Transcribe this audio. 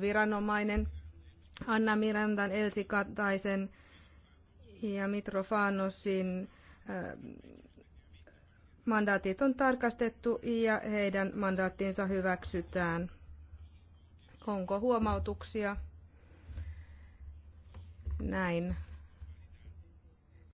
viranomainen Anna Mirandan, Elsi Kataisen ja Mitrofanosin äh, mandaatit on tarkastettu ja heidän mandaattinsa hyväksytään. Onko huomautuksia? Näin